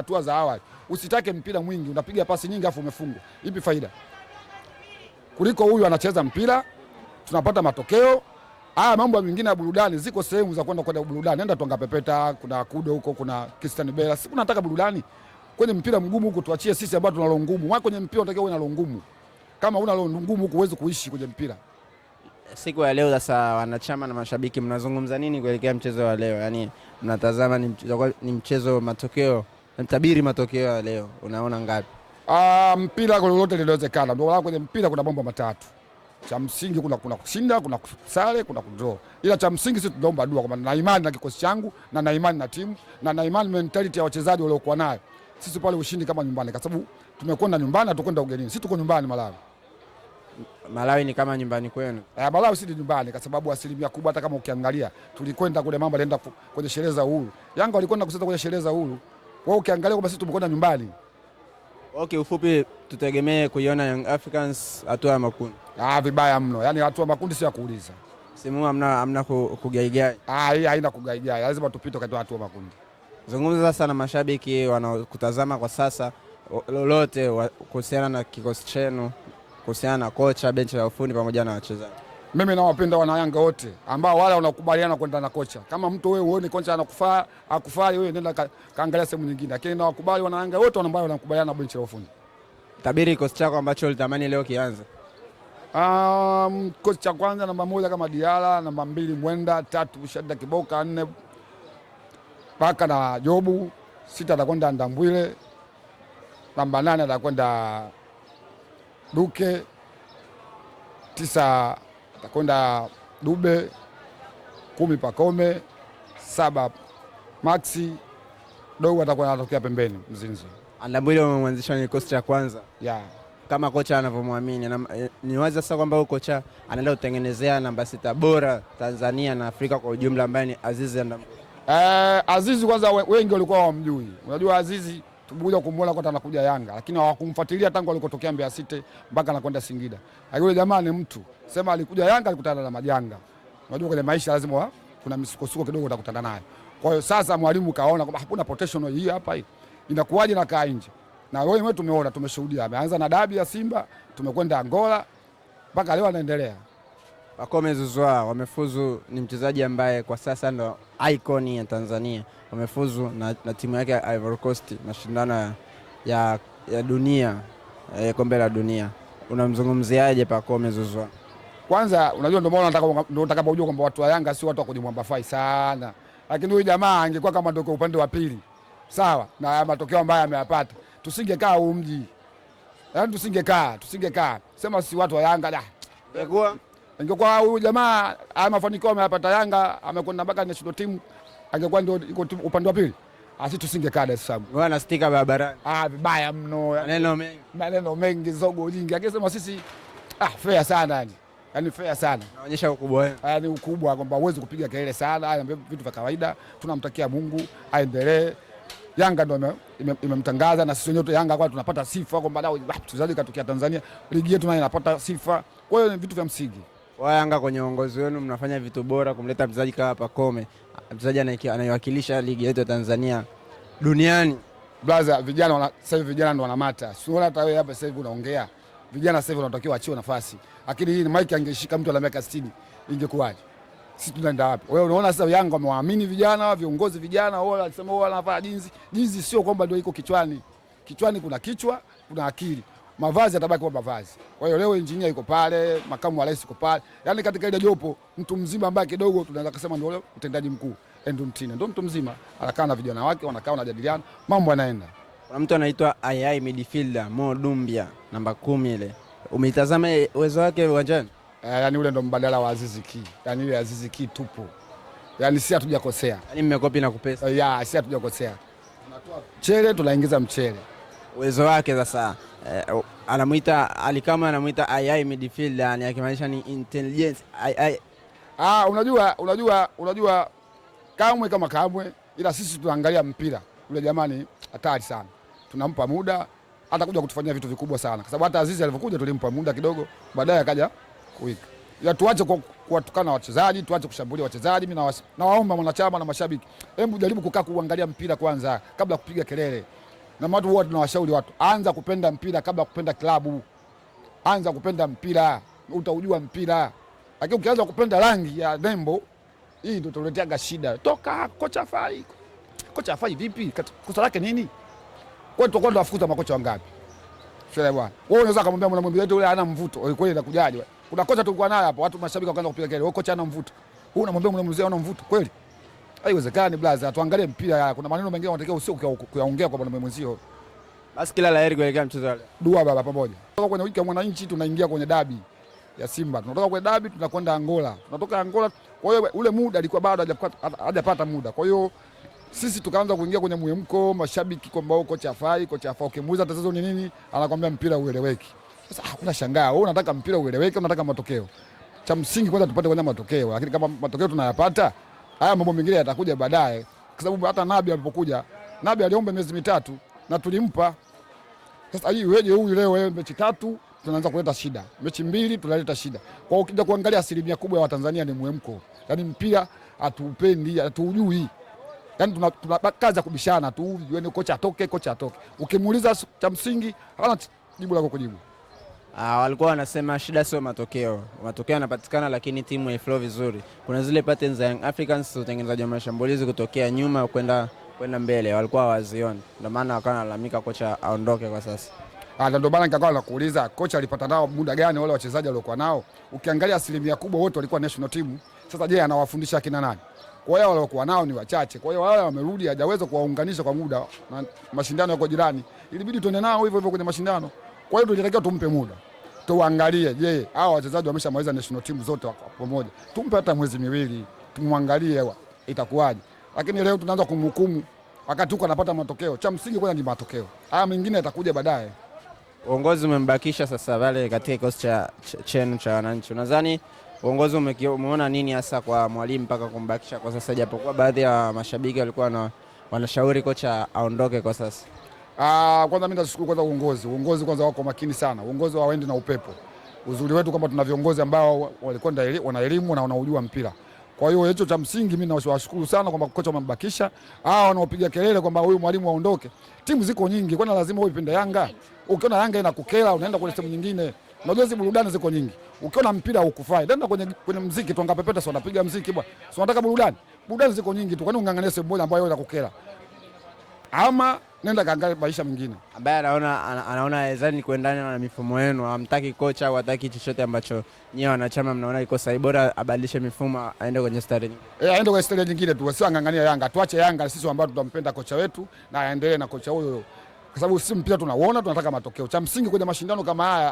hatua za awali. Usitake mpira mwingi, unapiga pasi nyingi afu umefungwa. Ipi faida? Kuliko huyu anacheza mpira tunapata matokeo haya. Mambo mengine ya burudani, ziko sehemu za kwenda kwenda burudani, nenda tuanga Pepeta, kuna kudo huko, kuna Christian Bella. Siku tunataka burudani kwenye mpira mgumu huko, tuachie sisi ambao tuna roho ngumu. Wako kwenye mpira unatakiwa uwe na roho ngumu, kama una roho ngumu huko huwezi kuishi kwenye mpira. Siku ya leo sasa, wanachama na mashabiki, mnazungumza nini kuelekea mchezo wa leo? Yaani mnatazama ni mchezo, ni mchezo matokeo Ntabiri matokeo ya leo, unaona ngapi? Ah, mpira kwa lolote linawezekana. Ndio maana kwenye mpira kuna mambo matatu. Cha msingi kuna kuna kushinda, kuna kusale, kuna kudraw. Ila cha msingi sisi tunaomba dua kwamba na imani na kikosi changu na na imani na timu na na imani mentality ya wachezaji waliokuwa nayo. Sisi pale ushindi kama nyumbani kwa sababu tumekwenda nyumbani na tukwenda ugenini. Sisi tuko nyumbani Malawi. Malawi ni kama nyumbani kwenu. Eh, Malawi si nyumbani kwa sababu asilimia kubwa hata kama ukiangalia tulikwenda kule mambo alienda kwenye sherehe za uhuru. Yanga walikwenda kucheza kwenye sherehe za uhuru wao ukiangalia kwamba sisi tumekwenda nyumbani. Okay, ufupi tutegemee kuiona Young Africans hatua ya makundi. Ah, vibaya mno. Yaani hatua ya makundi si ya kuuliza. Simu amna amna kugaigai. Ah, hii haina kugaigai. Lazima tupite kwa hatua ya makundi. Zungumza sasa na mashabiki wanaokutazama kwa sasa lolote kuhusiana na kikosi chenu, kuhusiana na kocha, benchi la ufundi pamoja na wachezaji. Mimi nawapenda wanayanga wote ambao wala wanakubaliana kwenda na kocha. Kama mtu wewe uone kocha anakufaa akufai, wewe nenda ka, kaangalia sehemu nyingine, lakini nawakubali wanayanga wote ambao wanakubaliana na benchi la ufundi. Tabiri kikosi chako ambacho ulitamani leo kianze. Um, kocha cha kwanza namba moja kama Diala, namba mbili Mwenda, tatu Shada Kiboka, nne Baka na Jobu, sita atakwenda Ndambwile, namba nane atakwenda Duke, tisa takwenda Dube, kumi Pakome, saba Maxi, dogo atakuwa anatokea pembeni mzinzi. Andabwile umemwanzisha ni kikosi cha kwanza yeah. Kama kocha anavyomwamini eh, ni wazi sasa kwamba huyu kocha anaenda kutengenezea namba sita bora Tanzania na Afrika kwa ujumla ambaye ni Azizi Andabwile. Eh, Azizi kwanza wengi walikuwa hawamjui. Unajua Azizi tumekuja kumuona kwa anakuja Yanga, lakini hawakumfuatilia tangu alikotokea Mbeya City mpaka anakwenda Singida. Yule jamaa ni mtu sema, alikuja Yanga alikutana na majanga. Unajua kwenye maisha lazima wa, kuna misukosuko kidogo utakutana nayo. Kwa hiyo sasa mwalimu kaona kwamba hakuna potential hii hapa, hii inakuwaje na kaa nje na wewe wewe tumeona tumeshuhudia, ameanza na dabi ya Simba, tumekwenda Angola mpaka leo anaendelea. Pacome Zouzoua wamefuzu, ni mchezaji ambaye kwa sasa ndo icon ya Tanzania, wamefuzu na, na timu yake ya Ivory Coast mashindano ya, ya dunia ya kombe la dunia. Unamzungumziaje Pacome Zouzoua? Kwanza unajua, ndio maana ndio utakapojua kwamba watu wa Yanga sio watu wa kujimwamba fai sana, lakini huyu jamaa angekuwa kama ndio upande wa pili sawa, na matokeo ambayo ameyapata, tusingekaa huu mji, yaani tusingekaa tusingekaa, sema si watu wa Yanga da Ingekuwa huyu jamaa haya mafanikio ameyapata Yanga, amekwenda mpaka national team, angekuwa ndio iko upande wa pili, asi tusingekaa Dar es Salaam bwana. Stika barabarani, ah, vibaya mno, maneno mengi, maneno mengi, zogo nyingi. Akisema sisi, ah, fair sana yani Yaani fair sana. Naonyesha ukubwa wenu. Yaani ukubwa kwamba huwezi kupiga kelele sana, haya vitu vya kawaida. Tunamtakia Mungu aendelee. Yanga ndio imemtangaza ime na sisi wenyewe Yanga kwa tunapata sifa kwamba leo wachezaji katokea Tanzania, ligi yetu nayo inapata sifa. Kwa hiyo ni vitu vya msingi wa Yanga kwenye uongozi wenu mnafanya vitu bora kumleta mchezaji kama Pacome, mchezaji anayewakilisha ligi yetu ya Tanzania duniani. Brother, vijana sasa hivi vijana ndo wanamata. Sio hata wewe hapa sasa hivi unaongea. Vijana sasa hivi wanatakiwa achiwe nafasi. Lakini hii mike angeshika mtu ana miaka 60 ingekuwaje? Sisi tunaenda wapi? Wewe unaona sasa Yanga wamewaamini vijana, viongozi vijana, wao wanasema wao wanafanya jinsi. Jinsi sio kwamba ndio iko kichwani. Kichwani kuna kichwa, kuna akili mavazi yatabaki kwa mavazi. Kwa hiyo leo injinia yuko pale, makamu wa rais yuko pale, yaani katika ile jopo mtu mzima ambaye kidogo tunaweza kusema ndio utendaji mkuu Mtina ndio mtu mzima anakaa na vijana wake, wanakaa wanajadiliana, mambo yanaenda. Kuna mtu anaitwa AI midfielder Mo Dumbia namba kumi, ile umeitazama uwezo wake uwanjani? Uh, eh, yani ule ndo mbadala wa Azizi Ki, yani ile Azizi Ki tupo, yani si hatujakosea, yani mmekopi na kupesa, uh, ya si hatujakosea, tunatoa mchele tunaingiza mchele uwezo wake sasa eh, anamuita alikama anamuita AI midfielder yani akimaanisha ni intelligence AI. Ah, unajua unajua unajua Kamwe kama Kamwe, ila sisi tunaangalia mpira ule. Jamani, hatari sana, tunampa muda, atakuja kutufanyia vitu vikubwa sana, kwa sababu hata Azizi alivyokuja tulimpa muda kidogo, baadaye akaja kuika. Ya tuache kuwatukana wachezaji, tuache kushambulia wachezaji. Mimi nawaomba mwanachama na mashabiki, hebu jaribu kukaa kuangalia mpira kwanza kabla kupiga kelele na watu huwa tunawashauri watu, anza kupenda mpira kabla kupenda klabu, anza kupenda mpira utaujua mpira, lakini ukianza kupenda rangi ya nembo hii ndio tuleteaga shida. Toka kocha fai, kocha fai vipi? Kosa lake nini? Kwa hiyo tutakuwa tunafukuza makocha wangapi? Sasa bwana, wewe unaweza kumwambia mwanamwambia yule ana mvuto, ile na inakujaje? Kuna kocha tulikuwa naye hapo, watu mashabiki wakaanza kupiga kelele, wewe kocha ana mvuto. Wewe unamwambia mwanamwambia ana mvuto kweli? Haiwezekani blaza, tuangalie mpira. Kuna maneno mengine unatakiwa usio kuyaongea kwa bwana mwenzio. Basi kila laheri kuelekea mchezo wale. Dua baba pamoja. Tunatoka kwenye wiki ya mwananchi tunaingia kwenye dabi ya Simba, tunatoka kwenye dabi tunakwenda Angola, tunatoka Angola. Kwa hiyo ule muda alikuwa bado hajapata muda, kwa hiyo sisi tukaanza kuingia kwenye mwemko mashabiki kwamba huko kocha afai, kocha afai. Ukimuuliza tatizo ni nini, anakuambia mpira ueleweki. Sasa hakuna shangaa. wewe, unataka mpira ueleweke, unataka matokeo. Cha msingi kwanza tupate kwanza matokeo, lakini kama matokeo tunayapata Haya mambo mengine yatakuja baadaye, kwa sababu hata Nabi alipokuja, Nabi aliomba miezi mitatu na tulimpa. Sasa hii weje huyu leo wewe eh, mechi tatu tunaanza kuleta shida, mechi mbili tunaleta shida. Kwa ukija kuangalia asilimia kubwa ya Watanzania ni mwemko, yaani mpira hatuupendi, hatuujui Yani tuna, tuna kazi ya kubishana tu, kocha atoke, kocha atoke. Ukimuuliza cha msingi hana jibu la kukujibu. Uh, walikuwa wanasema shida sio matokeo, matokeo yanapatikana, lakini timu haiflow vizuri. Kuna zile patterns za Young Africans utengenezaji wa mashambulizi kutokea nyuma kwenda kwenda mbele, walikuwa hawazioni, ndio maana wakawa wanalalamika kocha aondoke kwa sasa. Ah, na ndio maana nikakuwa nakuuliza kocha alipata nao muda gani wale wachezaji waliokuwa nao? Ukiangalia asilimia kubwa wote walikuwa national team. Sasa je, anawafundisha kina nani? Kwa hiyo waliokuwa nao ni wachache, kwa hiyo wale wamerudi, hajaweza kuwaunganisha kwa muda, na mashindano yako jirani, ilibidi tuende nao hivyo hivyo kwenye mashindano. Kwa hiyo tunatakiwa tumpe muda tuangalie, je, hawa wachezaji wameshamaliza national team zote kwa pamoja? Tumpe hata mwezi miwili, tumwangalie itakuwaje. Lakini leo tunaanza kumhukumu wakati huko anapata matokeo. Cha msingi kwanza ni matokeo, haya mengine yatakuja baadaye. Uongozi umembakisha sasa pale katika kikosi cha chenu cha wananchi, unadhani uongozi umeona nini hasa kwa mwalimu mpaka kumbakisha kwa sasa, japokuwa baadhi ya mashabiki walikuwa wanashauri kocha aondoke kwa sasa? Ah, kwanza mimi nashukuru kwanza uongozi. Uongozi kwanza wako makini sana. Uongozi waende na upepo. Uzuri wetu kwamba tuna viongozi ambao walikuwa wana elimu na wanaujua mpira. Kwa hiyo hicho cha msingi mimi nawashukuru sana kwamba kocha wamembakisha. Hao wanaopiga kelele kwamba huyu mwalimu aondoke. Timu ziko nyingi, kwani lazima wewe uipende Yanga? Ukiona Yanga inakukera unaenda kwenye timu nyingine. Unajua hizo burudani ziko nyingi. Ukiona mpira hukufai, nenda kwenye kwenye muziki tuangapepeta sio unapiga muziki bwana. Sio unataka burudani. Burudani ziko nyingi tu. Kwani ungangania sehemu moja ambayo inakukera? ama nenda kaangalia maisha mengine. Ambaye anaona anaona zani kuendana na mifumo yenu, hamtaki kocha au hataki chochote ambacho nyewe wanachama mnaona iko sahihi, bora abadilishe mifumo, aende kwenye stare nyingine, eh, aende kwenye stare nyingine tu, sio angang'ania Yanga, tuache Yanga sisi ambao tutampenda kocha wetu na aendelee na kocha huyo, kwa sababu sisi mpira tunauona, tunataka matokeo. Cha msingi kwenye mashindano kama haya